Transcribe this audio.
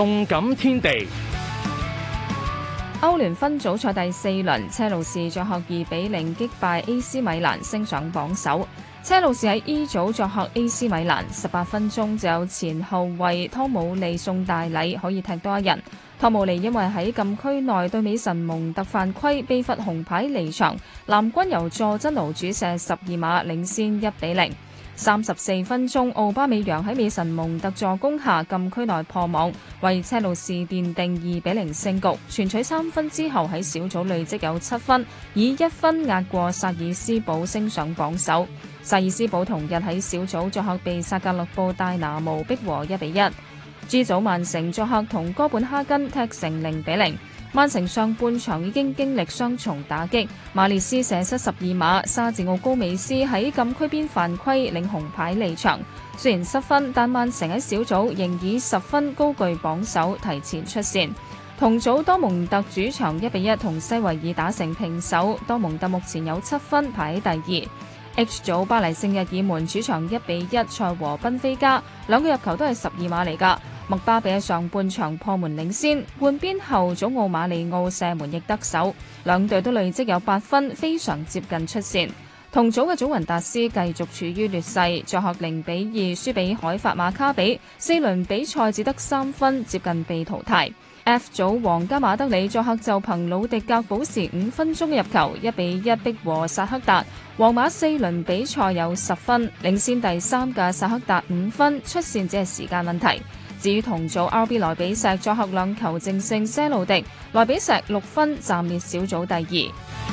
動感天地，歐聯分組賽第四輪，車路士作客二比零擊敗 AC 米蘭，升上榜首。車路士喺 E 組作客 AC 米蘭，十八分鐘就有前後衛湯姆利送大禮，可以踢多一人。湯姆利因為喺禁區內對美神蒙特犯規，被罰紅牌離場。藍軍由佐真奴主射十二碼領先一比零。三十四分鐘，奧巴美揚喺美神蒙特助攻下禁區內破網，為車路士奠定二比零勝局，全取三分之後喺小組累積有七分，以一分壓過薩爾斯堡，升上榜首。薩爾斯堡同日喺小組作客被薩格勒布戴拿模逼和一比一。G 組曼城作客同哥本哈根踢成零比零。曼城上半場已經經歷雙重打擊，馬列斯射失十二碼，沙治奧高美斯喺禁區邊犯規領紅牌離場。雖然失分，但曼城喺小組仍以十分高居榜首，提前出線。同組多蒙特主場一比一同西維爾打成平手，多蒙特目前有七分排喺第二。H 組巴黎聖日耳門主場一比一賽和賓菲加，兩個入球都係十二碼嚟㗎。麥巴比喺上半場破門領先，換邊後，祖奧馬里奧射門亦得手，兩隊都累積有八分，非常接近出線。同組嘅祖雲達斯繼續處於劣勢，作客零比二輸俾海法馬卡比，四輪比賽只得三分，接近被淘汰。F 組皇家馬德里作客就憑魯迪格補時五分鐘入球，一比一逼和薩克達。皇馬四輪比賽有十分，領先第三嘅薩克達五分，出線只係時間問題。至於同組 RB 萊比錫作客兩球淨勝些路迪，萊比錫六分暫列小組第二。